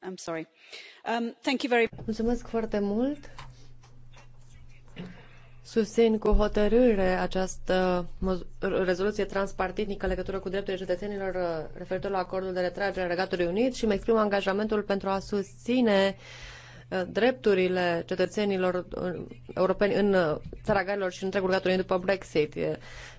Um, Mulțumesc foarte mult. Susțin cu hotărâre această rezoluție transpartidnică în legătură cu drepturile cetățenilor uh, referitor la acordul de retragere a Regatului Unit și îmi exprim angajamentul pentru a susține uh, Uh, drepturile cetățenilor uh, europeni în uh, țara Galilor și întregul Regatul după Brexit.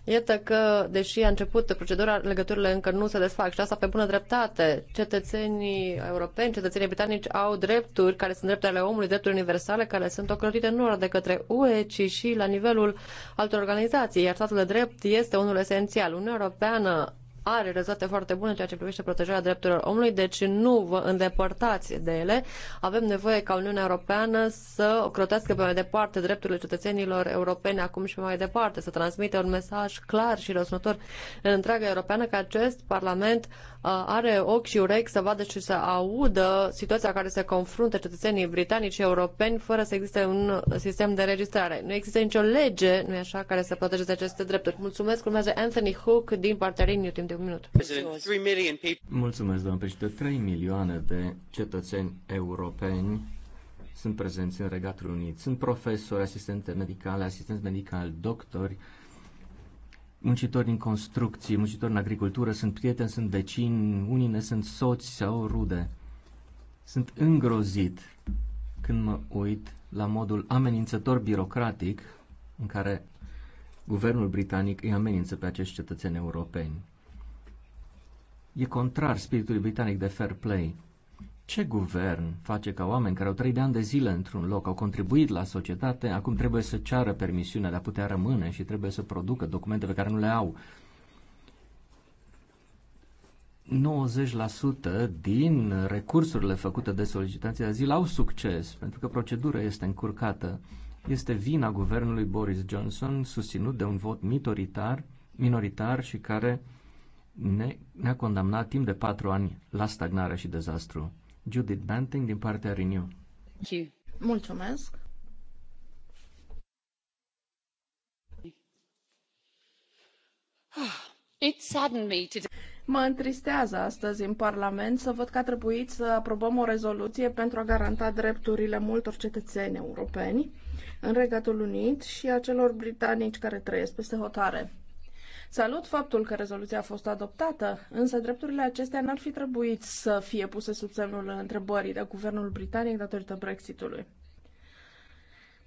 Iată că, deși a început procedura, legăturile încă nu se desfac și asta pe bună dreptate. Cetățenii europeni, cetățenii britanici au drepturi care sunt drepturile omului, drepturi universale care sunt ocrotite nu doar de către UE, ci și la nivelul altor organizații, iar statul de drept este unul esențial. Uniunea Europeană are rezultate foarte bune în ceea ce privește protejarea drepturilor omului, deci nu vă îndepărtați de ele. Avem nevoie ca Uniunea Europeană să crotească pe mai departe drepturile cetățenilor europeni acum și mai departe, să transmită un mesaj clar și răsunător în întreaga europeană că acest Parlament are ochi și urechi să vadă și să audă situația care se confruntă cetățenii britanici și europeni fără să existe un sistem de registrare. Nu există nicio lege, nu e așa, care să protejeze aceste drepturi. Mulțumesc, urmează Anthony Hook din partea timp de un minut. Mulțumesc, doamnă președinte. 3 milioane de cetățeni europeni sunt prezenți în Regatul Unit. Sunt profesori, asistente medicale, asistenți medicali, doctori, muncitori din construcții, muncitori în agricultură, sunt prieteni, sunt vecini, unii ne sunt soți sau rude. Sunt îngrozit când mă uit la modul amenințător birocratic în care guvernul britanic îi amenință pe acești cetățeni europeni. E contrar spiritului britanic de fair play. Ce guvern face ca oameni care au trăit de ani de zile într-un loc, au contribuit la societate, acum trebuie să ceară permisiunea de a putea rămâne și trebuie să producă documente pe care nu le au? 90% din recursurile făcute de solicitații de azil au succes, pentru că procedura este încurcată. Este vina guvernului Boris Johnson, susținut de un vot minoritar, minoritar și care ne, ne-a condamnat timp de patru ani la stagnare și dezastru. Judith Banting din partea Renew. Mulțumesc! It saddened me today. Mă întristează astăzi în Parlament să văd că a trebuit să aprobăm o rezoluție pentru a garanta drepturile multor cetățeni europeni în Regatul Unit și a celor britanici care trăiesc peste hotare. Salut faptul că rezoluția a fost adoptată, însă drepturile acestea n-ar fi trebuit să fie puse sub semnul întrebării de guvernul britanic datorită Brexitului.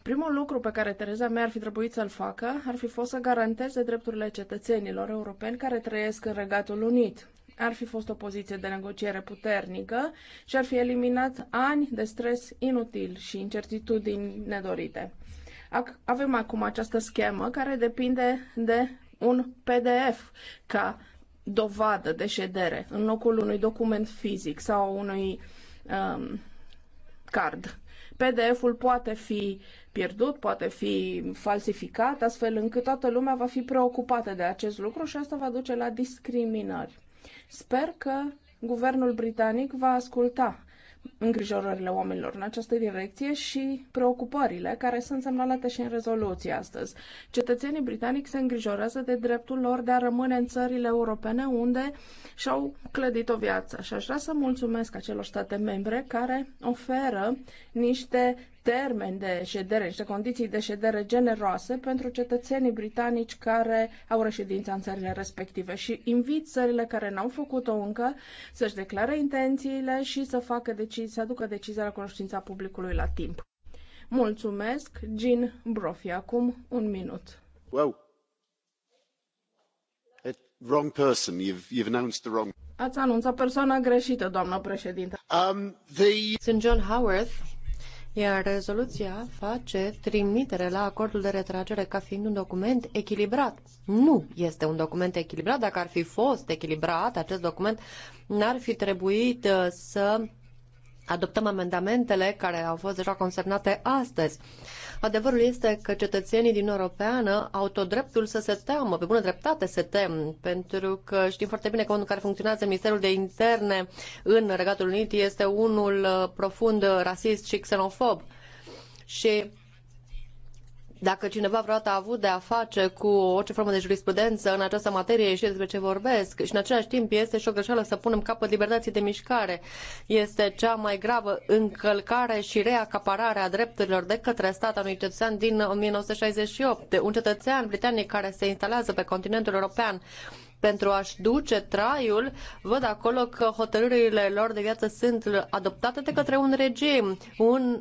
Primul lucru pe care Tereza May ar fi trebuit să-l facă ar fi fost să garanteze drepturile cetățenilor europeni care trăiesc în Regatul Unit. Ar fi fost o poziție de negociere puternică și ar fi eliminat ani de stres inutil și incertitudini nedorite. Avem acum această schemă care depinde de un PDF ca dovadă de ședere în locul unui document fizic sau unui um, card. PDF-ul poate fi pierdut, poate fi falsificat, astfel încât toată lumea va fi preocupată de acest lucru și asta va duce la discriminări. Sper că guvernul britanic va asculta îngrijorările oamenilor în această direcție și preocupările care sunt semnalate și în rezoluție astăzi. Cetățenii britanici se îngrijorează de dreptul lor de a rămâne în țările europene unde și-au clădit o viață. Și aș vrea să mulțumesc acelor state membre care oferă niște termeni de ședere, niște condiții de ședere generoase pentru cetățenii britanici care au reședința în țările respective și invit țările care n-au făcut-o încă să-și declare intențiile și să, facă deci- să aducă decizia la conștiința publicului la timp. Mulțumesc, Jean Brophy. Acum un minut. Wow. Eh, wrong person. You've, you've announced the wrong... Ați anunțat persoana greșită, doamnă președintă. Um, the... Sunt John Howarth, iar rezoluția face trimitere la acordul de retragere ca fiind un document echilibrat. Nu este un document echilibrat. Dacă ar fi fost echilibrat, acest document n-ar fi trebuit uh, să adoptăm amendamentele care au fost deja consemnate astăzi. Adevărul este că cetățenii din Europeană au tot dreptul să se teamă, pe bună dreptate se tem, pentru că știm foarte bine că unul care funcționează Ministerul de Interne în Regatul Unit este unul uh, profund uh, rasist și xenofob. Și dacă cineva vreodată a avut de a face cu orice formă de jurisprudență în această materie, și despre ce vorbesc. Și în același timp este și o greșeală să punem capăt libertății de mișcare. Este cea mai gravă încălcare și reacaparare a drepturilor de către stat a unui cetățean din 1968. Un cetățean britanic care se instalează pe continentul european pentru a-și duce traiul, văd acolo că hotărârile lor de viață sunt adoptate de către un regim, un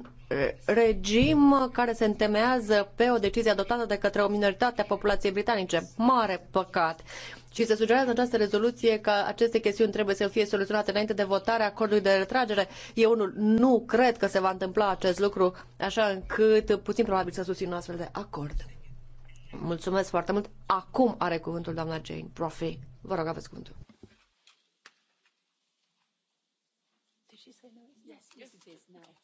regim care se întemeiază pe o decizie adoptată de către o minoritate a populației britanice. Mare păcat. Și se sugerează în această rezoluție că aceste chestiuni trebuie să fie soluționate înainte de votarea acordului de retragere. Eu nu, nu cred că se va întâmpla acest lucru, așa încât puțin probabil să susțin un astfel de acord. Mulțumesc foarte mult. Acum are cuvântul doamna Jane Profi. Vă rog, aveți cuvântul. Yes, yes, it is now.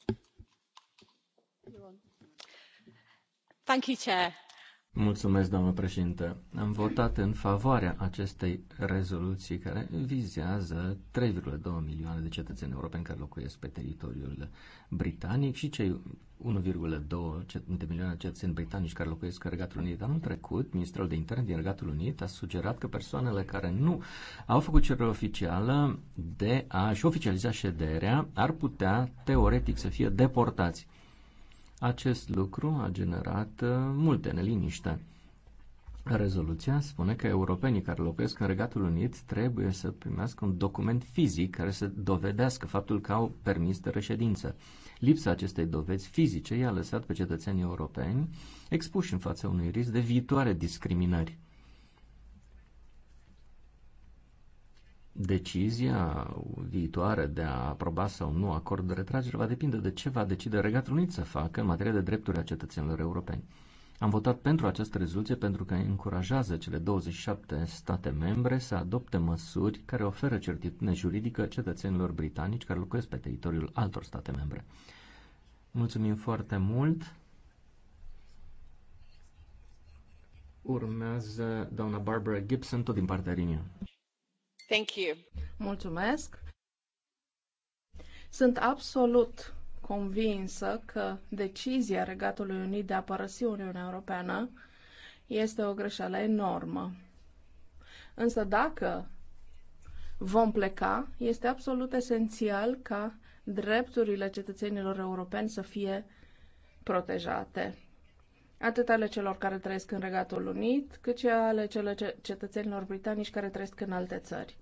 Mulțumesc, doamnă președinte. Am votat în favoarea acestei rezoluții care vizează 3,2 milioane de cetățeni europeni care locuiesc pe teritoriul britanic și cei 1,2 milioane de cetățeni britanici care locuiesc în Regatul Unit. Anul trecut, ministrul de Interne din Regatul Unit a sugerat că persoanele care nu au făcut cerere oficială de a-și oficializa șederea ar putea, teoretic, să fie deportați. Acest lucru a generat uh, multe neliniște. Rezoluția spune că europenii care locuiesc în Regatul Unit trebuie să primească un document fizic care să dovedească faptul că au permis de reședință. Lipsa acestei dovezi fizice i-a lăsat pe cetățenii europeni expuși în fața unui risc de viitoare discriminări. Decizia viitoare de a aproba sau nu acord de retragere va depinde de ce va decide Regatul Unit să facă în materie de drepturi a cetățenilor europeni. Am votat pentru această rezoluție pentru că încurajează cele 27 state membre să adopte măsuri care oferă certitudine juridică cetățenilor britanici care locuiesc pe teritoriul altor state membre. Mulțumim foarte mult! Urmează doamna Barbara Gibson, tot din partea Rinia. Thank you. Mulțumesc. Sunt absolut convinsă că decizia Regatului Unit de a părăsi Uniunea Europeană este o greșeală enormă. Însă dacă vom pleca, este absolut esențial ca drepturile cetățenilor europeni să fie protejate atât ale celor care trăiesc în Regatul Unit, cât și ale celor cetățenilor britanici care trăiesc în alte țări.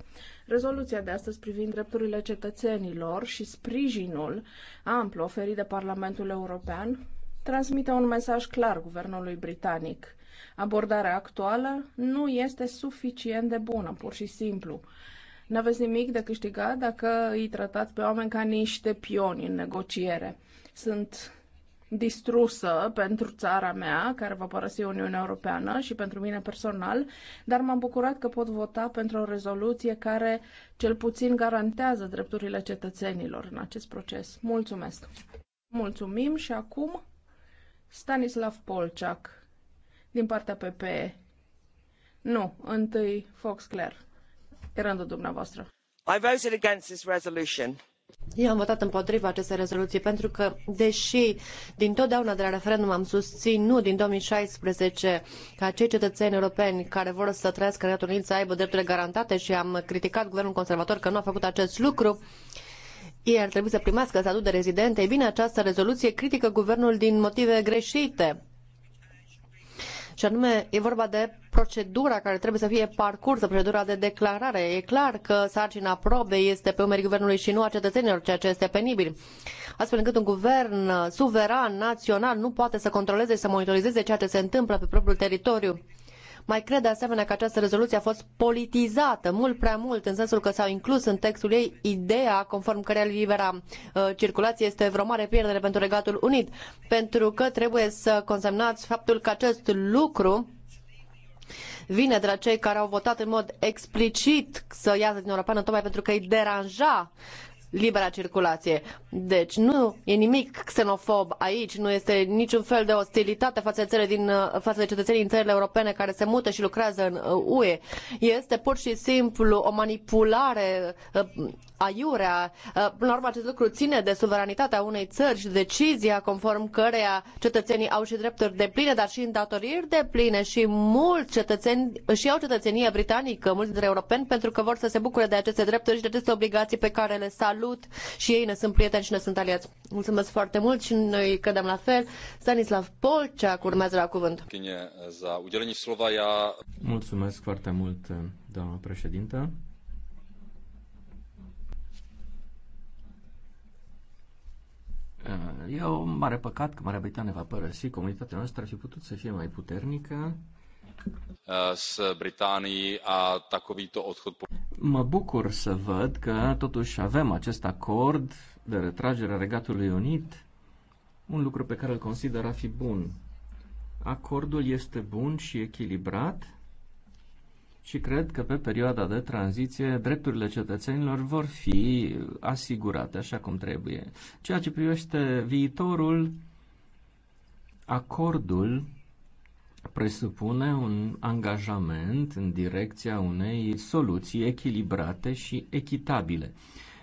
Rezoluția de astăzi privind drepturile cetățenilor și sprijinul amplu oferit de Parlamentul European transmite un mesaj clar guvernului britanic. Abordarea actuală nu este suficient de bună, pur și simplu. Nu aveți nimic de câștigat dacă îi tratați pe oameni ca niște pioni în negociere. Sunt distrusă pentru țara mea, care va părăsi Uniunea Europeană și pentru mine personal, dar m-am bucurat că pot vota pentru o rezoluție care cel puțin garantează drepturile cetățenilor în acest proces. Mulțumesc! Mulțumim și acum Stanislav Polciac din partea PPE. Nu, întâi Fox Clare. E rândul dumneavoastră. I voted against this resolution eu am votat împotriva acestei rezoluții pentru că, deși din totdeauna de la referendum am susținut din 2016 ca cei cetățeni europeni care vor să trăiască în Regatul Unit să aibă drepturile garantate și am criticat guvernul conservator că nu a făcut acest lucru, ei ar trebui să primească statut de rezidente, Ei bine, această rezoluție critică guvernul din motive greșite și anume, e vorba de procedura care trebuie să fie parcursă, procedura de declarare. E clar că sarcina probei este pe umerii guvernului și nu a cetățenilor, ceea ce este penibil. Astfel încât un guvern suveran, național, nu poate să controleze și să monitorizeze ceea ce se întâmplă pe propriul teritoriu. Mai cred de asemenea că această rezoluție a fost politizată mult prea mult, în sensul că s-au inclus în textul ei ideea conform căreia libera uh, circulație este vreo mare pierdere pentru Regatul Unit, pentru că trebuie să consemnați faptul că acest lucru vine de la cei care au votat în mod explicit să iasă din Europeană, tocmai pentru că îi deranja libera circulație. Deci nu e nimic xenofob aici, nu este niciun fel de ostilitate față de, țările din, uh, față de cetățenii din țările europene care se mută și lucrează în uh, UE. Este pur și simplu o manipulare uh, aiurea. Uh, până la urmă, acest lucru ține de suveranitatea unei țări și decizia conform căreia cetățenii au și drepturi de pline, dar și îndatoriri de pline și mulți cetățeni și au cetățenie britanică, mulți dintre europeni, pentru că vor să se bucure de aceste drepturi și de aceste obligații pe care le salut și ei ne sunt prieteni și ne sunt aliați. Mulțumesc foarte mult și noi cădem la fel. Stanislav Polcea, urmează la cuvânt. Uh, Mulțumesc foarte mult, uh, doamna președintă. Uh, e o mare păcat că Marea Britanie va părăsi. Comunitatea noastră ar fi putut să fie mai puternică. Uh, s Britanii a takovýto odchod... Mă bucur să văd că totuși avem acest acord de retragere a Regatului Unit, un lucru pe care îl consider a fi bun. Acordul este bun și echilibrat, și cred că pe perioada de tranziție drepturile cetățenilor vor fi asigurate așa cum trebuie. Ceea ce privește viitorul, acordul presupune un angajament în direcția unei soluții echilibrate și echitabile.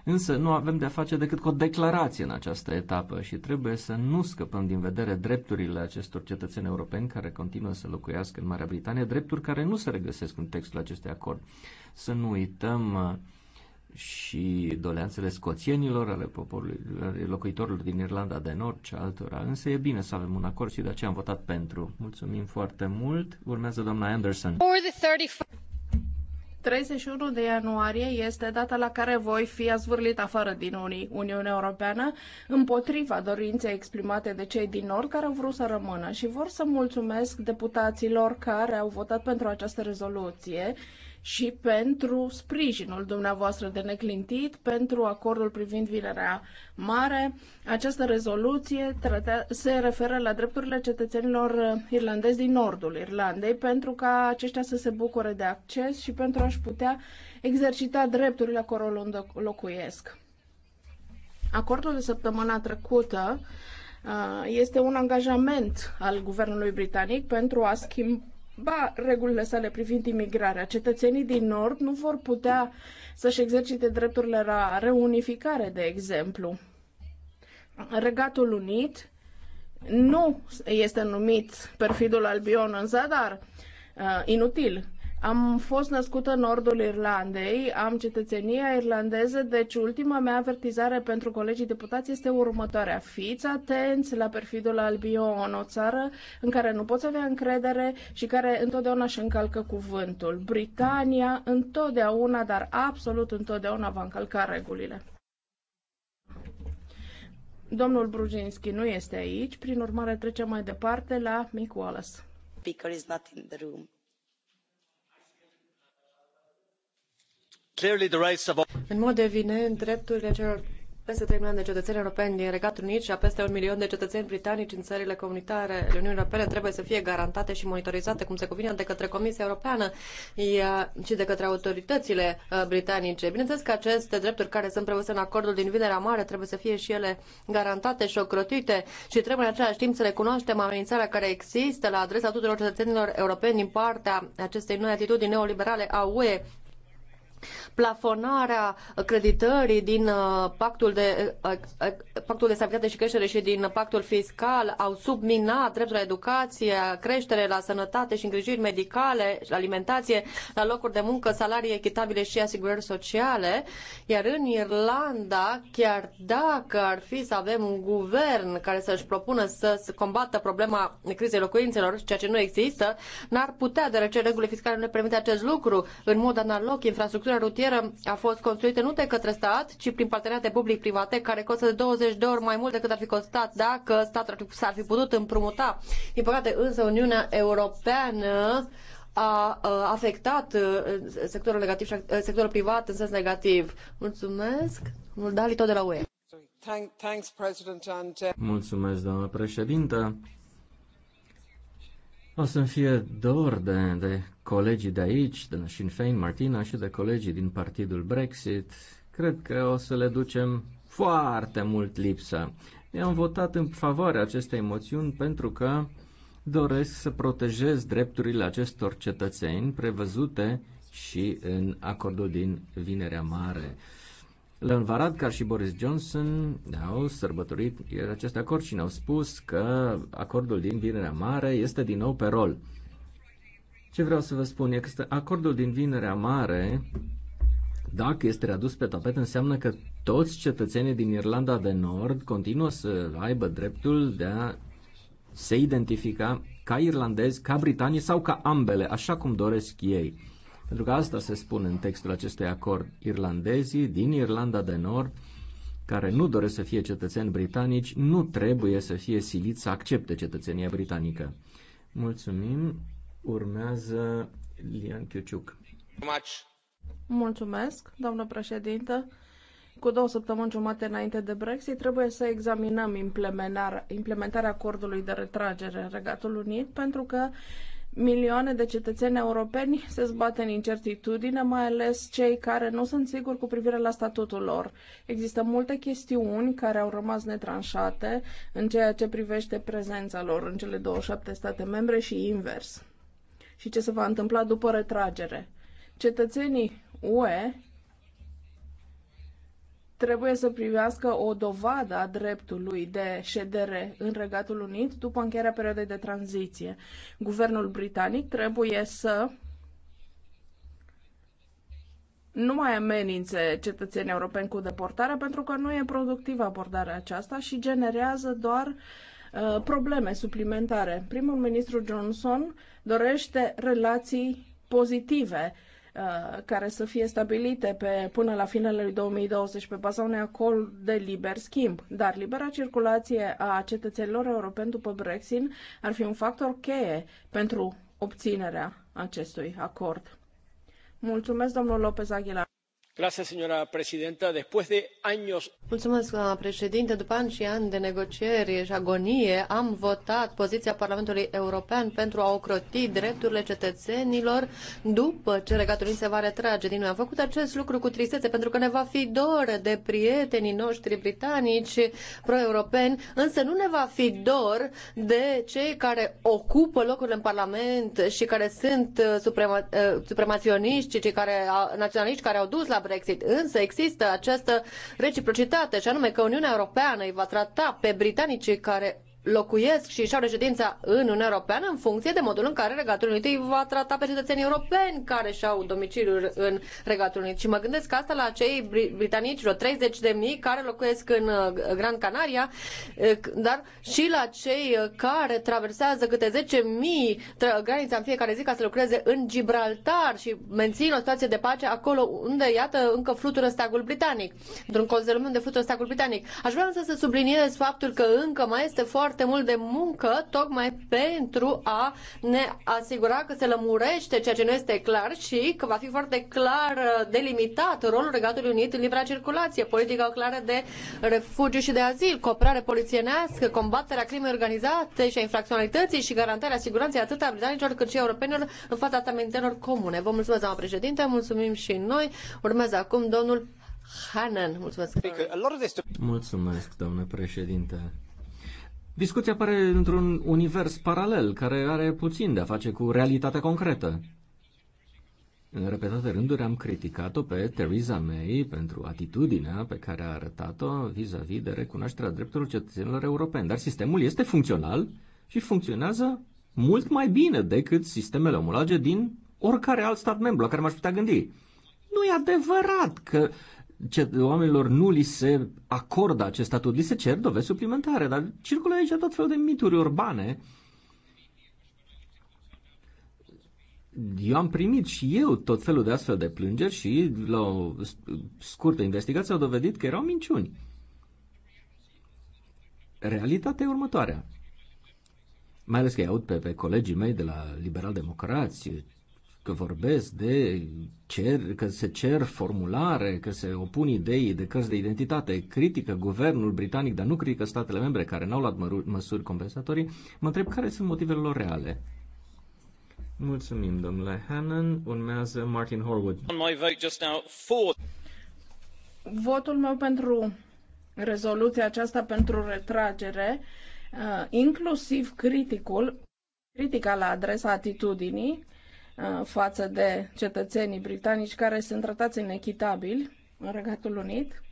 Însă nu avem de-a face decât cu o declarație în această etapă și trebuie să nu scăpăm din vedere drepturile acestor cetățeni europeni care continuă să locuiască în Marea Britanie, drepturi care nu se regăsesc în textul acestui acord. Să nu uităm uh, și doleanțele scoțienilor, ale poporului, locuitorilor din Irlanda de Nord și altora. Însă e bine să avem un acord și de aceea am votat pentru. Mulțumim foarte mult. Urmează doamna Anderson. 31 de ianuarie este data la care voi fi azvârlit afară din Unii, Uniunea Europeană împotriva dorinței exprimate de cei din Nord care au vrut să rămână și vor să mulțumesc deputaților care au votat pentru această rezoluție și pentru sprijinul dumneavoastră de neclintit pentru acordul privind vinerea mare. Această rezoluție se referă la drepturile cetățenilor uh, irlandezi din nordul Irlandei pentru ca aceștia să se bucure de acces și pentru a-și putea exercita drepturile acolo unde locuiesc. Acordul de săptămâna trecută uh, este un angajament al guvernului britanic pentru a schimba schimba regulile sale privind imigrarea. Cetățenii din Nord nu vor putea să-și exercite drepturile la reunificare, de exemplu. Regatul Unit nu este numit perfidul Albion în zadar. Uh, inutil. Am fost născută în nordul Irlandei, am cetățenia irlandeză, deci ultima mea avertizare pentru colegii deputați este următoarea. Fiți atenți la perfidul Albion, o țară în care nu poți avea încredere și care întotdeauna își încalcă cuvântul. Britania întotdeauna, dar absolut întotdeauna va încalca regulile. Domnul Brujinski nu este aici, prin urmare trecem mai departe la Mick Wallace. Speaker is not in the room. În mod evident, drepturile celor peste trei milioane de cetățeni europeni din Regatul Unit și a peste un milion de cetățeni britanici în țările comunitare ale Uniunii Europene trebuie să fie garantate și monitorizate cum se cuvine de către Comisia Europeană și de către autoritățile uh, britanice. Bineînțeles că aceste drepturi care sunt prevăzute în acordul din Vinerea Mare trebuie să fie și ele garantate și ocrotite și trebuie în același timp să recunoaștem amenințarea care există la adresa tuturor cetățenilor europeni din partea acestei noi atitudini neoliberale a UE plafonarea creditării din uh, pactul de, uh, uh, pactul de stabilitate și creștere și din pactul fiscal au subminat dreptul la educație, creștere la sănătate și îngrijiri medicale, alimentație, la locuri de muncă, salarii echitabile și asigurări sociale. Iar în Irlanda, chiar dacă ar fi să avem un guvern care să-și propună să combată problema crizei locuințelor, ceea ce nu există, n-ar putea, deoarece regulile fiscale nu ne permite acest lucru. În mod analog, infrastructura infrastructura rutieră a fost construită nu de către stat, ci prin parteneriate public-private, care costă de 20 de ori mai mult decât ar fi costat dacă statul s-ar fi putut împrumuta. Din păcate, însă, Uniunea Europeană a afectat uh, sectorul, negativ uh, sectorul privat în sens negativ. Mulțumesc. Dali tot de la UE. Uh, Mulțumesc, doamnă președintă. O să-mi fie dor de, de colegii de aici, de Sinn Féin, Martina și de colegii din partidul Brexit. Cred că o să le ducem foarte mult lipsă. i am votat în favoarea acestei moțiuni pentru că doresc să protejez drepturile acestor cetățeni prevăzute și în acordul din Vinerea Mare. Leon Varad, și Boris Johnson, au sărbătorit acest acord și ne-au spus că acordul din Vinerea Mare este din nou pe rol. Ce vreau să vă spun e că acordul din Vinerea Mare, dacă este readus pe tapet, înseamnă că toți cetățenii din Irlanda de Nord continuă să aibă dreptul de a se identifica ca irlandezi, ca britanii sau ca ambele, așa cum doresc ei. Pentru că asta se spune în textul acestui acord. Irlandezii din Irlanda de Nord, care nu doresc să fie cetățeni britanici, nu trebuie să fie siliți să accepte cetățenia britanică. Mulțumim. Urmează Lian Chiuciuc. Mulțumesc, doamnă președintă. Cu două săptămâni jumate înainte de Brexit, trebuie să examinăm implementarea, implementarea acordului de retragere în Regatul Unit, pentru că Milioane de cetățeni europeni se zbat în incertitudine, mai ales cei care nu sunt siguri cu privire la statutul lor. Există multe chestiuni care au rămas netranșate în ceea ce privește prezența lor în cele 27 state membre și invers. Și ce se va întâmpla după retragere. Cetățenii UE trebuie să privească o dovadă a dreptului de ședere în Regatul Unit după încheierea perioadei de tranziție. Guvernul britanic trebuie să nu mai amenințe cetățenii europeni cu deportarea pentru că nu e productivă abordarea aceasta și generează doar uh, probleme suplimentare. Primul ministru Johnson dorește relații pozitive Uh, care să fie stabilite pe, până la finele lui 2020 pe baza unui acord de liber schimb. Dar libera circulație a cetățenilor europeni după Brexit ar fi un factor cheie pentru obținerea acestui acord. Mulțumesc, domnul Lopez Aguilar doamnă președintă după ani și ani de negocieri și agonie am votat poziția parlamentului european pentru a ocroti drepturile cetățenilor după ce regatul unit se va retrage din uniune. am făcut acest lucru cu tristețe pentru că ne va fi dor de prietenii noștri britanici pro europeni însă nu ne va fi dor de cei care ocupă locurile în parlament și care sunt uh, suprema, uh, supremaționiști cei care, naționaliști care au dus la Brexit, însă există această reciprocitate și anume că Uniunea Europeană îi va trata pe britanicii care locuiesc și și-au reședința în Uniunea Europeană în funcție de modul în care Regatul Unit îi va trata pe cetățenii europeni care și-au domiciliul în Regatul Unit. Și mă gândesc asta la cei britanici, vreo 30 de mii care locuiesc în uh, Gran Canaria, uh, dar și la cei uh, care traversează câte 10 mii granița în fiecare zi ca să lucreze în Gibraltar și mențin o situație de pace acolo unde, iată, încă flutură steagul britanic, într-un colț de lume unde flutură steagul britanic. Aș vrea însă să subliniez faptul că încă mai este foarte foarte mult de muncă tocmai pentru a ne asigura că se lămurește ceea ce nu este clar și că va fi foarte clar delimitat rolul Regatului Unit în libera circulație, politica clară de refugiu și de azil, cooperare polițienească, combaterea crimei organizate și a infracționalității și garantarea siguranței atât a britanicilor cât și a europenilor în fața amenințărilor comune. Vă mulțumesc, doamna președinte, mulțumim și noi. Urmează acum domnul Hanan. Mulțumesc. Mulțumesc, doamnă președinte. Discuția pare într-un univers paralel, care are puțin de a face cu realitatea concretă. În repetate rânduri am criticat-o pe Theresa May pentru atitudinea pe care a arătat-o vis-a-vis de recunoașterea drepturilor cetățenilor europeni. Dar sistemul este funcțional și funcționează mult mai bine decât sistemele omologe din oricare alt stat membru la care m-aș putea gândi. Nu e adevărat că oamenilor nu li se acordă acest statut, li se cer dovezi suplimentare, dar circulă aici tot felul de mituri urbane. Eu am primit și eu tot felul de astfel de plângeri și la o scurtă investigație au dovedit că erau minciuni. Realitatea e următoarea mai ales că îi aud pe, pe colegii mei de la liberal-democrați, că vorbesc de cer, că se cer formulare, că se opun idei de cărți de identitate, critică guvernul britanic, dar nu critică statele membre care n-au luat măsuri compensatorii, mă întreb care sunt motivele lor reale. Mulțumim, domnule Hannon. Urmează Martin Horwood. Votul meu pentru rezoluția aceasta pentru retragere, uh, inclusiv criticul, critica la adresa atitudinii, Uh, față de cetățenii britanici care sunt tratați inechitabil în Regatul Unit.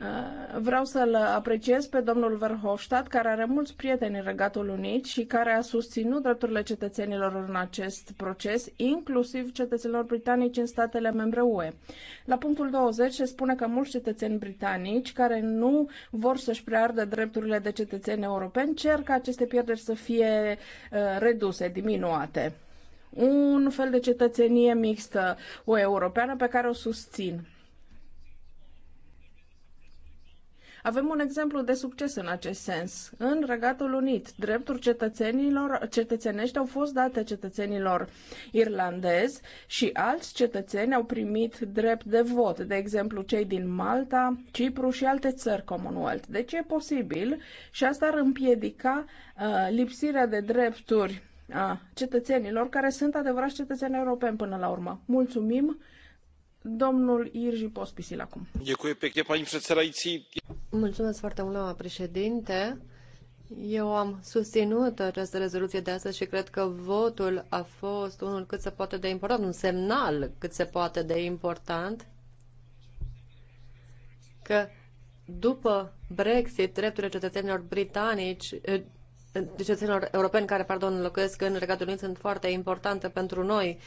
Uh, vreau să-l apreciez pe domnul Verhofstadt, care are mulți prieteni în Regatul Unit și care a susținut drepturile cetățenilor în acest proces, inclusiv cetățenilor britanici în statele membre UE. La punctul 20 se spune că mulți cetățeni britanici care nu vor să-și preardă drepturile de cetățeni europeni cer ca aceste pierderi să fie uh, reduse, diminuate un fel de cetățenie mixtă, o europeană pe care o susțin. Avem un exemplu de succes în acest sens. În Regatul Unit, drepturi cetățenilor, cetățenești au fost date cetățenilor irlandezi și alți cetățeni au primit drept de vot, de exemplu cei din Malta, Cipru și alte țări Commonwealth. Deci e posibil și asta ar împiedica uh, lipsirea de drepturi a cetățenilor care sunt adevărați cetățeni europeni până la urmă. Mulțumim! Domnul Irji Pospisil acum. Mulțumesc foarte mult, doamna președinte. Eu am susținut această rezoluție de astăzi și cred că votul a fost unul cât se poate de important, un semnal cât se poate de important că după Brexit, drepturile cetățenilor britanici, cetățenilor europeni care, pardon, locuiesc în Regatul Unit sunt foarte importante pentru noi.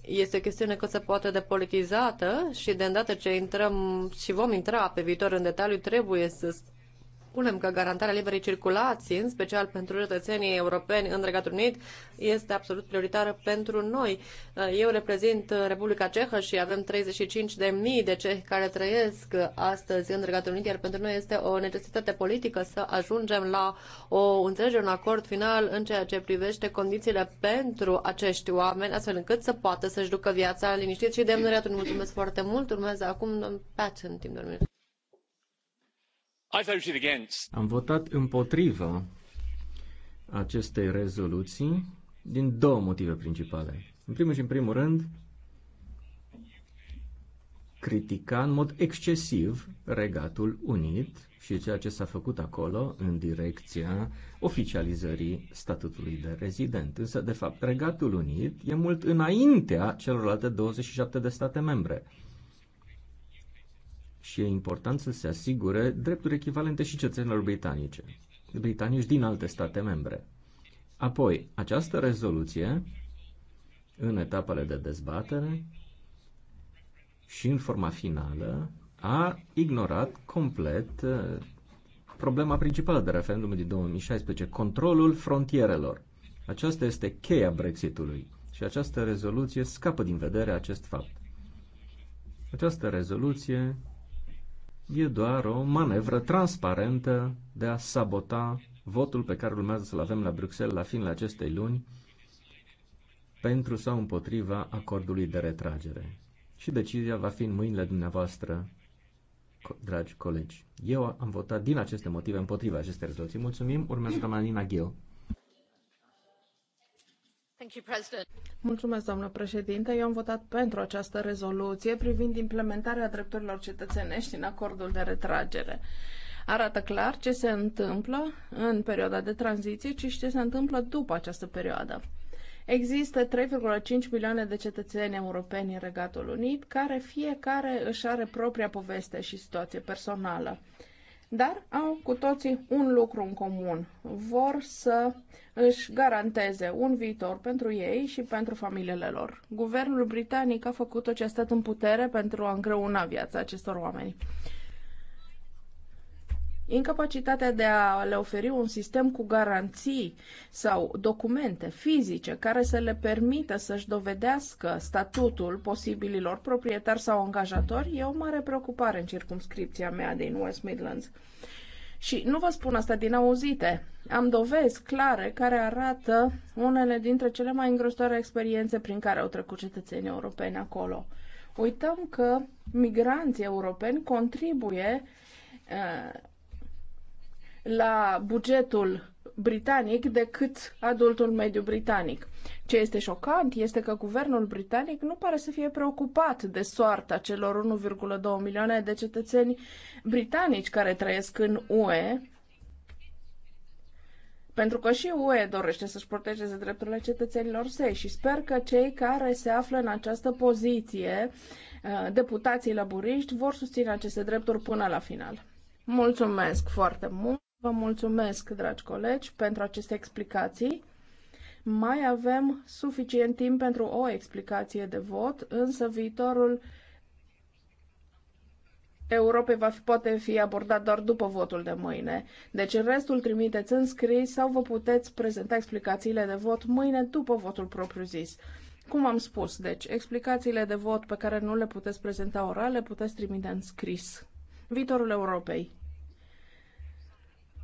Este o chestiune că se poate de politizată și de îndată ce intrăm și vom intra pe viitor în detaliu, trebuie să spunem că garantarea liberei circulații, în special pentru cetățenii europeni în Regatul Unit, este absolut prioritară pentru noi. Eu reprezint Republica Cehă și avem 35 de mii de cehi care trăiesc astăzi în Regatul Unit, iar pentru noi este o necesitate politică să ajungem la o înțelegere, un acord final în ceea ce privește condițiile pentru acești oameni, astfel încât să poată să-și ducă viața liniștit și demn. Mulțumesc foarte mult. Urmează acum în timp de am votat împotriva acestei rezoluții din două motive principale. În primul și în primul rând, critica în mod excesiv Regatul Unit și ceea ce s-a făcut acolo în direcția oficializării statutului de rezident. Însă, de fapt, Regatul Unit e mult înaintea celorlalte 27 de state membre și e important să se asigure drepturi echivalente și cetățenilor britanice, britanici din alte state membre. Apoi, această rezoluție, în etapele de dezbatere și în forma finală, a ignorat complet uh, problema principală de referendumul din 2016, controlul frontierelor. Aceasta este cheia Brexitului și această rezoluție scapă din vedere acest fapt. Această rezoluție e doar o manevră transparentă de a sabota votul pe care urmează să-l avem la Bruxelles la finele acestei luni pentru sau împotriva acordului de retragere. Și decizia va fi în mâinile dumneavoastră, dragi colegi. Eu am votat din aceste motive împotriva acestei rezoluții. Mulțumim. Urmează doamna Nina Gheu. Mulțumesc, doamnă președinte. Eu am votat pentru această rezoluție privind implementarea drepturilor cetățenești în acordul de retragere. Arată clar ce se întâmplă în perioada de tranziție, ci și ce se întâmplă după această perioadă. Există 3,5 milioane de cetățeni europeni în Regatul Unit, care fiecare își are propria poveste și situație personală dar au cu toții un lucru în comun. Vor să își garanteze un viitor pentru ei și pentru familiile lor. Guvernul britanic a făcut tot ce a stat în putere pentru a îngreuna viața acestor oameni. Incapacitatea de a le oferi un sistem cu garanții sau documente fizice care să le permită să-și dovedească statutul posibililor proprietari sau angajatori e o mare preocupare în circumscripția mea din West Midlands. Și nu vă spun asta din auzite. Am dovezi clare care arată unele dintre cele mai îngrozitoare experiențe prin care au trecut cetățenii europeni acolo. Uităm că migranții europeni contribuie uh, la bugetul britanic decât adultul mediu britanic. Ce este șocant este că guvernul britanic nu pare să fie preocupat de soarta celor 1,2 milioane de cetățeni britanici care trăiesc în UE, pentru că și UE dorește să-și protejeze drepturile cetățenilor săi și sper că cei care se află în această poziție, uh, deputații laburiști, vor susține aceste drepturi până la final. Mulțumesc foarte mult! Vă mulțumesc, dragi colegi, pentru aceste explicații. Mai avem suficient timp pentru o explicație de vot, însă viitorul Europei va fi, poate fi abordat doar după votul de mâine. Deci restul trimiteți în scris sau vă puteți prezenta explicațiile de vot mâine după votul propriu-zis. Cum am spus, deci, explicațiile de vot pe care nu le puteți prezenta orale, puteți trimite în scris. Viitorul Europei.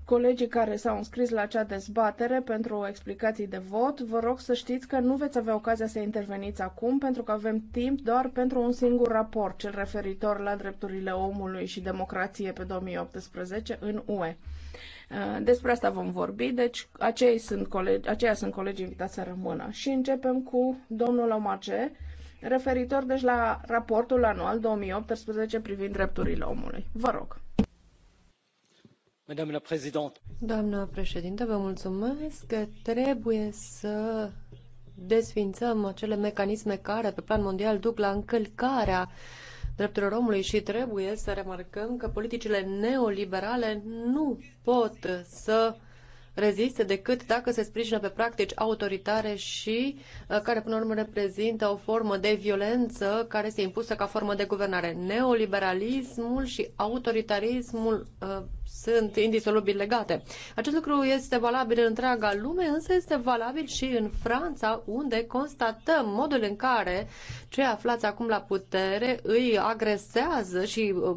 Colegii care s-au înscris la acea dezbatere pentru explicații de vot, vă rog să știți că nu veți avea ocazia să interveniți acum, pentru că avem timp doar pentru un singur raport, cel referitor la drepturile omului și democrație pe 2018 în UE. Uh, despre asta vom vorbi, deci acei sunt colegi, aceia sunt colegii invitați să rămână. Și începem cu domnul Omace, referitor deci la raportul anual 2018 privind drepturile omului. Vă rog. Doamnă președintă, vă mulțumesc că trebuie să desfințăm acele mecanisme care, pe plan mondial, duc la încălcarea drepturilor omului și trebuie să remarcăm că politicile neoliberale nu pot să reziste decât dacă se sprijină pe practici autoritare și uh, care până la urmă reprezintă o formă de violență care este impusă ca formă de guvernare. Neoliberalismul și autoritarismul uh, sunt indisolubil legate. Acest lucru este valabil în întreaga lume, însă este valabil și în Franța, unde constatăm modul în care cei aflați acum la putere îi agresează și uh,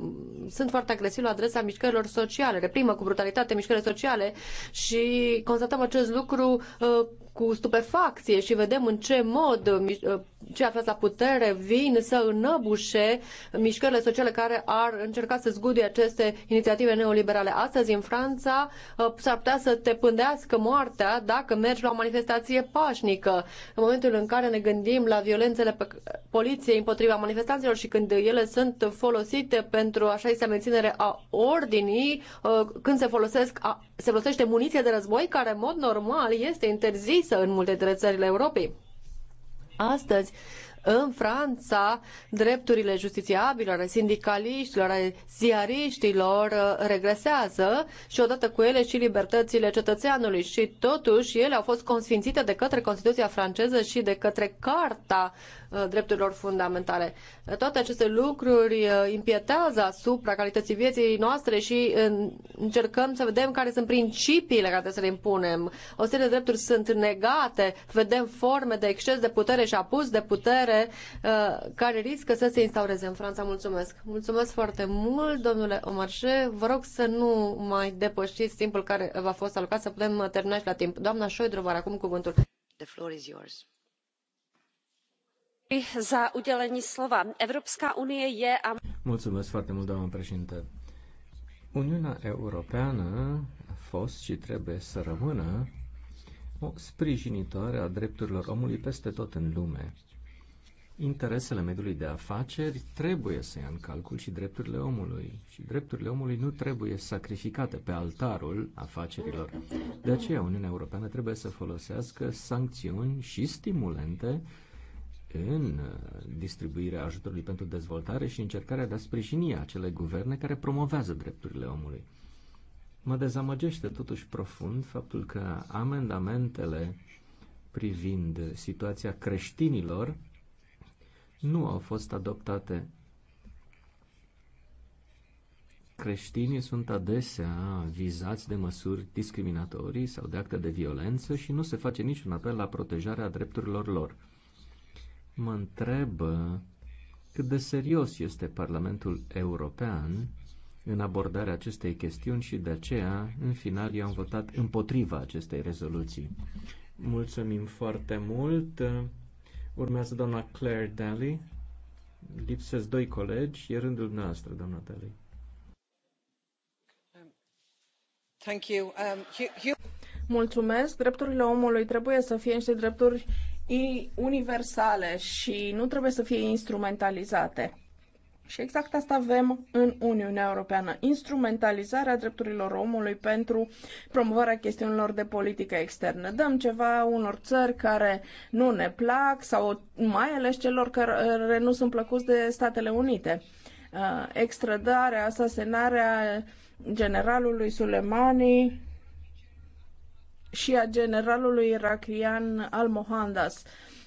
sunt foarte agresivi la adresa mișcărilor sociale, reprimă cu brutalitate mișcările sociale și constatăm acest lucru uh, cu stupefacție și vedem în ce mod uh, uh, cei aflați la putere vin să înăbușe mișcările sociale care ar încerca să zgudie aceste inițiative neoliberale. Astăzi, în Franța, s-ar putea să te pândească moartea dacă mergi la o manifestație pașnică. În momentul în care ne gândim la violențele poliției împotriva manifestanților și când ele sunt folosite pentru așa este menținere a ordinii, când se folosesc a se folosește muniție de război care, în mod normal, este interzisă în multe dintre țările Europei. Astăzi, în Franța, drepturile justițiabilor, sindicaliștilor, ziariștilor uh, regresează și odată cu ele și libertățile cetățeanului și totuși ele au fost consfințite de către Constituția franceză și de către Carta Uh, drepturilor fundamentale. Uh, toate aceste lucruri uh, impietează asupra calității vieții noastre și încercăm să vedem care sunt principiile care să le impunem. O serie de drepturi sunt negate, vedem forme de exces de putere și apus de putere care riscă să se instaureze în Franța. Mulțumesc! Mulțumesc foarte mult, domnule Omarșe. Vă rog să nu mai depășiți timpul care v-a fost alocat, să putem termina și la timp. Doamna Șoidrov acum cuvântul. The floor is yours. Mulțumesc foarte mult, doamnă președinte. Uniunea Europeană a fost și trebuie să rămână o sprijinitoare a drepturilor omului peste tot în lume. Interesele mediului de afaceri trebuie să ia în calcul și drepturile omului și drepturile omului nu trebuie sacrificate pe altarul afacerilor. De aceea Uniunea Europeană trebuie să folosească sancțiuni și stimulente în uh, distribuirea ajutorului pentru dezvoltare și încercarea de a sprijini acele guverne care promovează drepturile omului. Mă dezamăgește totuși profund faptul că amendamentele privind situația creștinilor nu au fost adoptate. Creștinii sunt adesea vizați de măsuri discriminatorii sau de acte de violență și nu se face niciun apel la protejarea drepturilor lor mă întrebă uh, cât de serios este Parlamentul European în abordarea acestei chestiuni și de aceea, în final, eu am votat împotriva acestei rezoluții. Mulțumim foarte mult. Urmează doamna Claire Daly. Lipsesc doi colegi. E rândul dumneavoastră, doamna Daly. Um, Mulțumesc. Drepturile omului trebuie să fie niște drepturi universale și nu trebuie să fie instrumentalizate. Și exact asta avem în Uniunea Europeană. Instrumentalizarea drepturilor omului pentru promovarea chestiunilor de politică externă. Dăm ceva unor țări care nu ne plac sau mai ales celor care nu sunt plăcuți de Statele Unite. Uh, Extrădarea, asasinarea generalului Sulemani și a generalului irachian al-Mohandas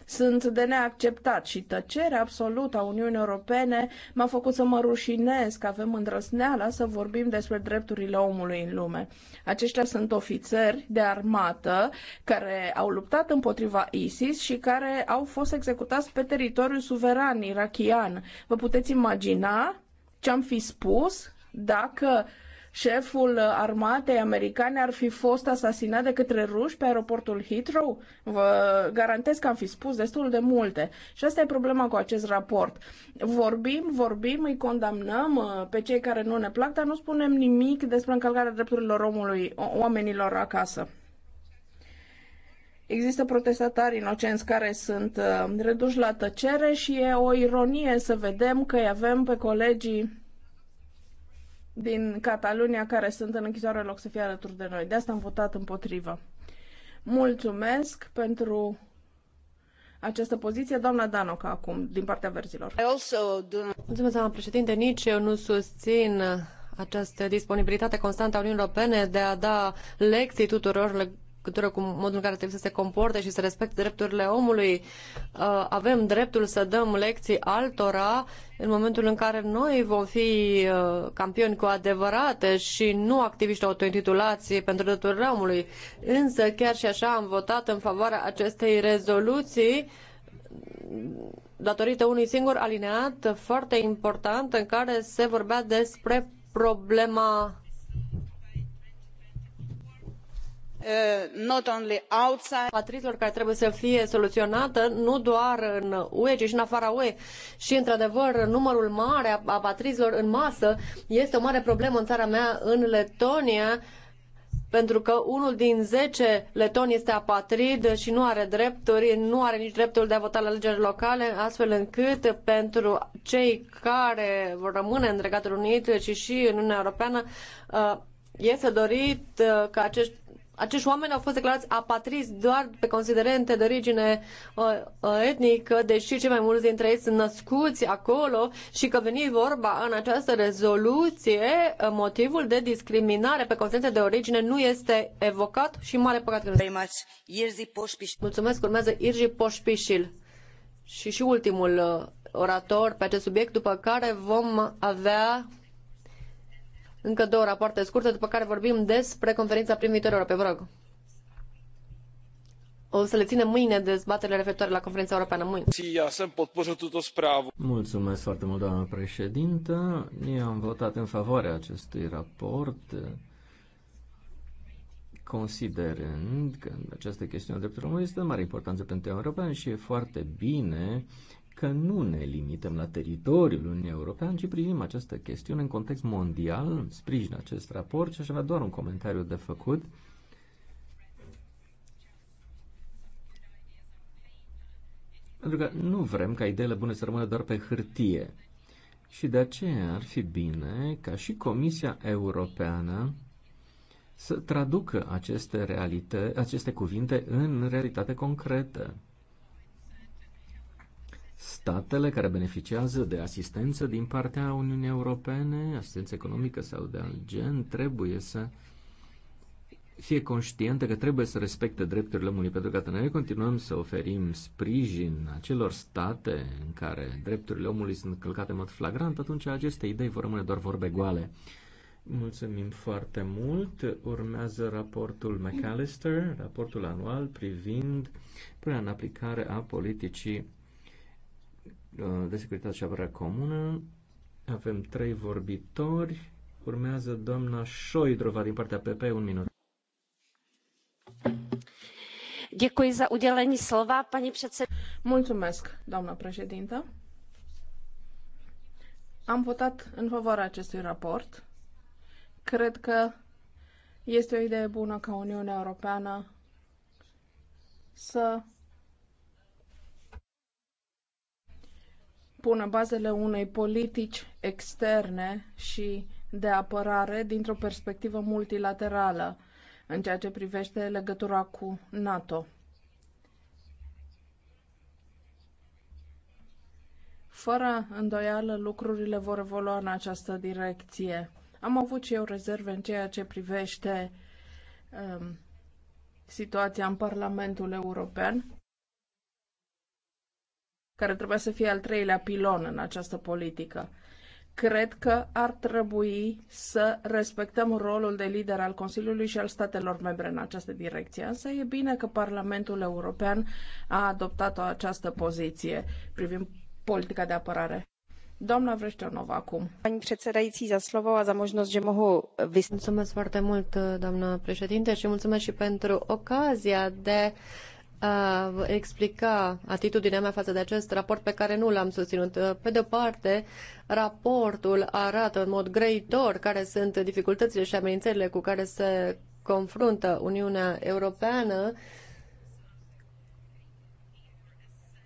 sunt de neacceptat și tăcerea absolută a Uniunii Europene m-a făcut să mă rușinez că avem îndrăsneala să vorbim despre drepturile omului în lume. Aceștia sunt ofițeri de armată care au luptat împotriva ISIS și care au fost executați pe teritoriul suveran irachian. Vă puteți imagina ce am fi spus dacă uh, șeful armatei americane ar fi fost asasinat de către ruși pe aeroportul Heathrow? Vă garantez că am fi spus destul de multe. Și asta e problema cu acest raport. Vorbim, vorbim, îi condamnăm uh, pe cei care nu ne plac, dar nu spunem nimic despre încălcarea drepturilor omului, oamenilor acasă. Există protestatari inocenți care sunt uh, reduși la tăcere și e o ironie să vedem că îi avem pe colegii din Catalunia care sunt în închisoare în loc să fie alături de noi. De asta am votat împotrivă. Mulțumesc pentru această poziție, doamna Danoca, acum, din partea verzilor. Mulțumesc, doamna președinte. Nici eu nu susțin această disponibilitate constantă a Uniunii Europene de a da lecții tuturor legătură cu modul în care trebuie să se comporte și să respecte drepturile omului. Uh, avem dreptul să dăm lecții altora în momentul în care noi vom fi uh, campioni cu adevărate și nu activiști autointitulații pentru drepturile omului. Însă, chiar și așa, am votat în favoarea acestei rezoluții datorită unui singur alineat foarte important în care se vorbea despre problema Uh, patriților care trebuie să fie soluționată nu doar în ue ci și în afara ue și într adevăr numărul mare a patriților în masă este o mare problemă în țara mea în letonia pentru că unul din zece letoni este apatrid și nu are drepturi, nu are nici dreptul de a vota la alegeri locale, astfel încât pentru cei care vor rămâne în Regatul Unit, ci și în Uniunea Europeană, uh, este dorit uh, ca acești acești oameni au fost declarați apatrizi doar pe considerente de origine uh, uh, etnică, deși cei mai mulți dintre ei sunt născuți acolo și că veni vorba în această rezoluție, uh, motivul de discriminare pe considerente de origine nu este evocat și mare păcat că nu Mulțumesc, urmează Irji Poșpișil. Și și ultimul orator pe acest subiect, după care vom avea încă două rapoarte scurte, după care vorbim despre conferința prin pe Europei. Vă rog. O să le ținem mâine dezbaterile referitoare la conferința europeană mâine. Mulțumesc foarte mult, doamnă președintă. Eu am votat în favoarea acestui raport considerând că această chestiune a drepturilor omului este de mare importanță pentru Europa și e foarte bine că nu ne limităm la teritoriul Uniunii europene, ci privim această chestiune în context mondial, sprijin acest raport și aș avea doar un comentariu de făcut. Pentru că nu vrem ca ideile bune să rămână doar pe hârtie. Și de aceea ar fi bine ca și Comisia Europeană să traducă aceste, realite, aceste cuvinte în realitate concretă statele care beneficiază de asistență din partea Uniunii Europene, asistență economică sau de alt gen, trebuie să fie conștientă că trebuie să respecte drepturile omului, pentru că noi continuăm să oferim sprijin acelor state în care drepturile omului sunt călcate în mod flagrant, atunci aceste idei vor rămâne doar vorbe goale. Mulțumim foarte mult. Urmează raportul McAllister, raportul anual privind punerea în aplicare a politicii Uh, de Securitate și Apărare Comună. Avem trei vorbitori. Urmează doamna Șoidrova din partea PP, un minut. Děkuji za udělení slova, paní předsed... Mulțumesc, doamna președintă. Am votat în favoarea acestui raport. Cred că este o idee bună ca Uniunea Europeană să pună bazele unei politici externe și de apărare dintr-o perspectivă multilaterală în ceea ce privește legătura cu NATO. Fără îndoială, lucrurile vor evolua în această direcție. Am avut și eu rezerve în ceea ce privește um, situația în Parlamentul European care trebuia să fie al treilea pilon în această politică. Cred că ar trebui să respectăm rolul de lider al Consiliului și al statelor membre în această direcție. Însă e bine că Parlamentul European a adoptat o această poziție privind politica de apărare. Doamna Vreșteanova, acum. Pani předsedající, za slovo a za možnost, že mohu Mulțumesc foarte mult, doamna președinte, și mulțumesc și pentru ocazia de a explica atitudinea mea față de acest raport pe care nu l-am susținut. Pe de-o parte, raportul arată în mod greitor care sunt dificultățile și amenințările cu care se confruntă Uniunea Europeană,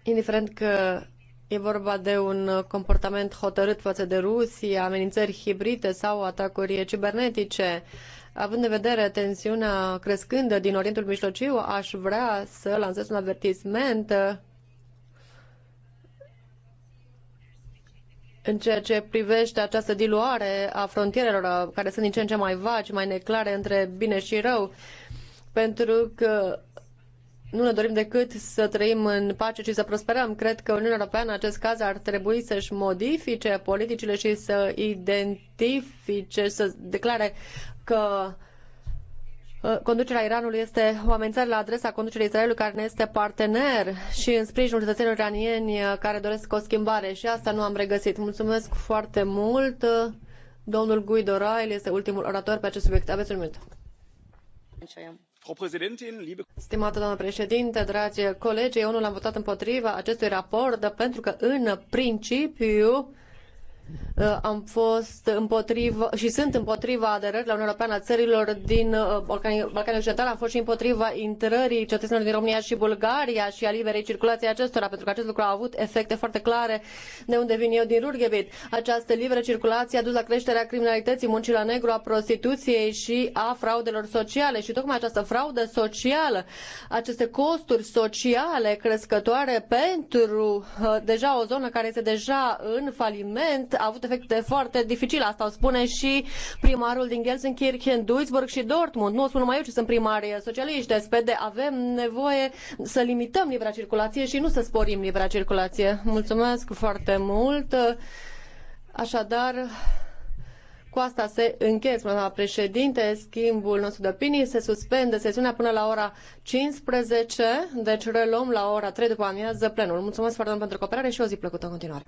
indiferent că E vorba de un comportament hotărât față de Rusia, amenințări hibride sau atacuri cibernetice. Uh, Având în vedere tensiunea crescândă din Orientul Mijlociu, aș vrea să lansez un avertisment uh, în ceea ce privește această diluare a frontierelor, uh, care sunt din ce în ce mai vaci, mai neclare între bine și rău, pentru că nu ne dorim decât să trăim în pace și să prosperăm. Cred că Uniunea Europeană, în acest caz, ar trebui să-și modifice politicile și să identifice, să declare că uh, conducerea Iranului este o amenințare la adresa conducerii Israelului, care ne este partener și în sprijinul cetățenilor iranieni uh, care doresc o schimbare. Și asta nu am regăsit. Mulțumesc foarte mult. Uh, domnul Guido Rael este ultimul orator pe acest subiect. Aveți un minut. Stimată doamnă președinte, dragi colegi, eu nu l-am votat împotriva acestui raport pentru că, în principiu, Uh, am fost împotriva și sunt împotriva aderării la Uniunea Europeană a țărilor din uh, Balcanii Occidentale, am fost și împotriva intrării cetățenilor din România și Bulgaria și a liberei circulației acestora, pentru că acest lucru a avut efecte foarte clare de unde vin eu din Rurghebit. Această liberă circulație a dus la creșterea criminalității, muncii la negru, a prostituției și a fraudelor sociale și tocmai această fraudă socială, aceste costuri sociale crescătoare pentru uh, deja o zonă care este deja în faliment, a avut efecte foarte dificile. Asta o spune și primarul din Gelsenkirchen, Duisburg și Dortmund. Nu o spun numai eu, ci sunt primari socialiști, SPD. Avem nevoie să limităm libera circulație și nu să sporim libera circulație. Mulțumesc foarte mult. Așadar, cu asta se încheie, doamna președinte, schimbul nostru de opinii. Se suspendă sesiunea până la ora 15, deci reluăm la ora 3 după amiază plenul. Mulțumesc foarte mult pentru cooperare și o zi plăcută în continuare.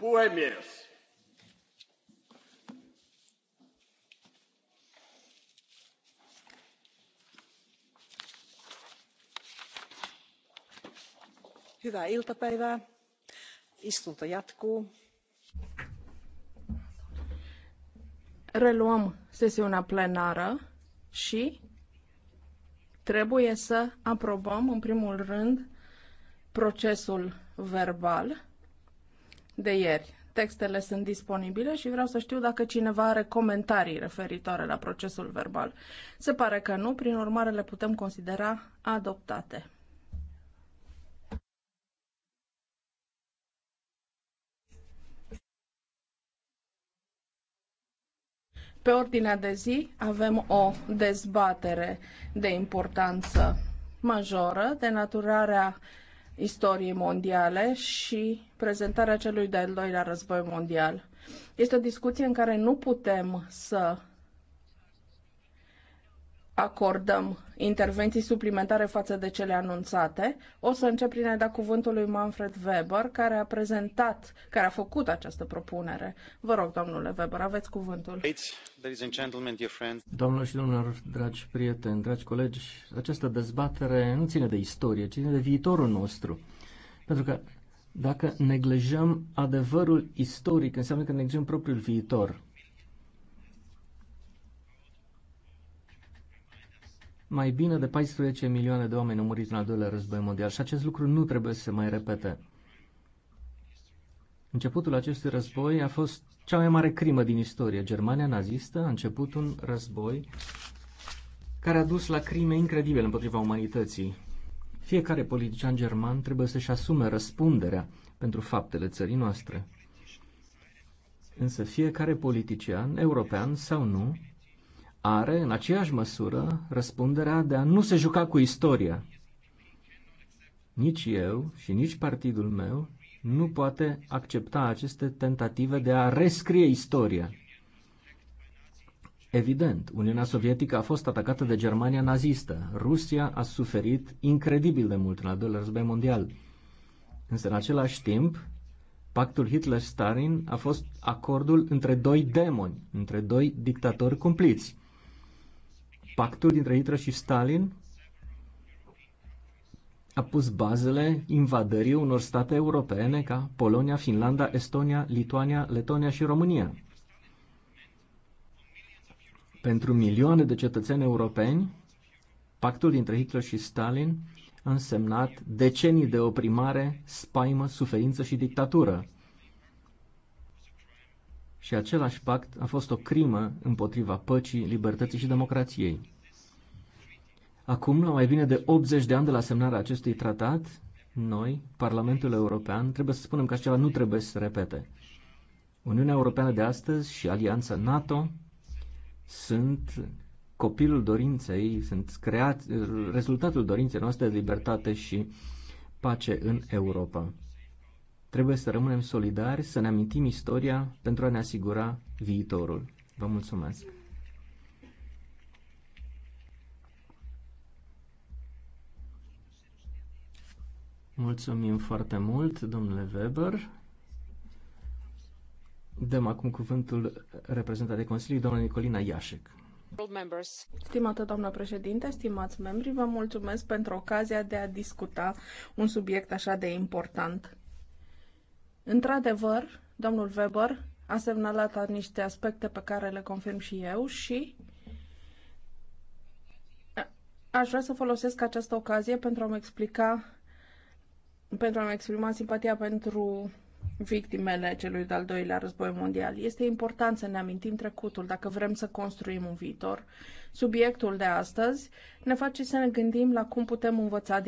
puhemies hyvää iltapäivää istunto jatkuu. reluăm sesiunea plenară și trebuie să aprobăm în primul rând procesul verbal de ieri. Textele sunt disponibile și vreau să știu dacă cineva are comentarii referitoare la procesul verbal. Se pare că nu, prin urmare le putem considera adoptate. Pe ordinea de zi avem o dezbatere de importanță majoră, denaturarea istoriei mondiale și prezentarea celui de-al doilea război mondial. Este o discuție în care nu putem să acordăm intervenții suplimentare față de cele anunțate. O să încep prin a da cuvântul lui Manfred Weber, care a prezentat, care a făcut această propunere. Vă rog, domnule Weber, aveți cuvântul. Domnilor și domnilor, dragi prieteni, dragi colegi, această dezbatere nu ține de istorie, ține de viitorul nostru. Pentru că dacă neglijăm adevărul istoric, înseamnă că neglijăm propriul viitor. mai bine de 14 milioane de oameni au murit în al doilea război mondial și acest lucru nu trebuie să se mai repete. Începutul acestui război a fost cea mai mare crimă din istorie. Germania nazistă a început un război care a dus la crime incredibile împotriva umanității. Fiecare politician german trebuie să-și asume răspunderea pentru faptele țării noastre. Însă fiecare politician, european sau nu, are, în aceeași măsură, răspunderea de a nu se juca cu istoria. Nici eu și nici partidul meu nu poate accepta aceste tentative de a rescrie istoria. Evident, Uniunea Sovietică a fost atacată de Germania nazistă. Rusia a suferit incredibil de mult în al doilea război mondial. Însă, în același timp, pactul Hitler-Stalin a fost acordul între doi demoni, între doi dictatori cumpliți. Pactul dintre Hitler și Stalin a pus bazele invadării unor state europene ca Polonia, Finlanda, Estonia, Lituania, Letonia și România. Pentru milioane de cetățeni europeni, pactul dintre Hitler și Stalin a însemnat decenii de oprimare, spaimă, suferință și dictatură și același pact a fost o crimă împotriva păcii, libertății și democrației. Acum, la mai bine de 80 de ani de la semnarea acestui tratat, noi, Parlamentul European, trebuie să spunem că așa ceva nu trebuie să se repete. Uniunea Europeană de astăzi și Alianța NATO sunt copilul dorinței, sunt creat, rezultatul dorinței noastre de libertate și pace în Europa. Trebuie să rămânem solidari, să ne amintim istoria pentru a ne asigura viitorul. Vă mulțumesc! Mulțumim foarte mult, domnule Weber. Dăm acum cuvântul reprezentat de Consiliu, doamna Nicolina Iașec. Stimată doamnă președinte, stimați membri, vă mulțumesc pentru ocazia de a discuta un subiect așa de important. Într-adevăr, domnul Weber a semnalat niște aspecte pe care le confirm și eu și aș vrea să folosesc această ocazie pentru a-mi explica, pentru a-mi exprima simpatia pentru victimele celui de-al doilea război mondial. Este important să ne amintim trecutul dacă vrem să construim un viitor. Subiectul de astăzi ne face să ne gândim la cum putem învăța din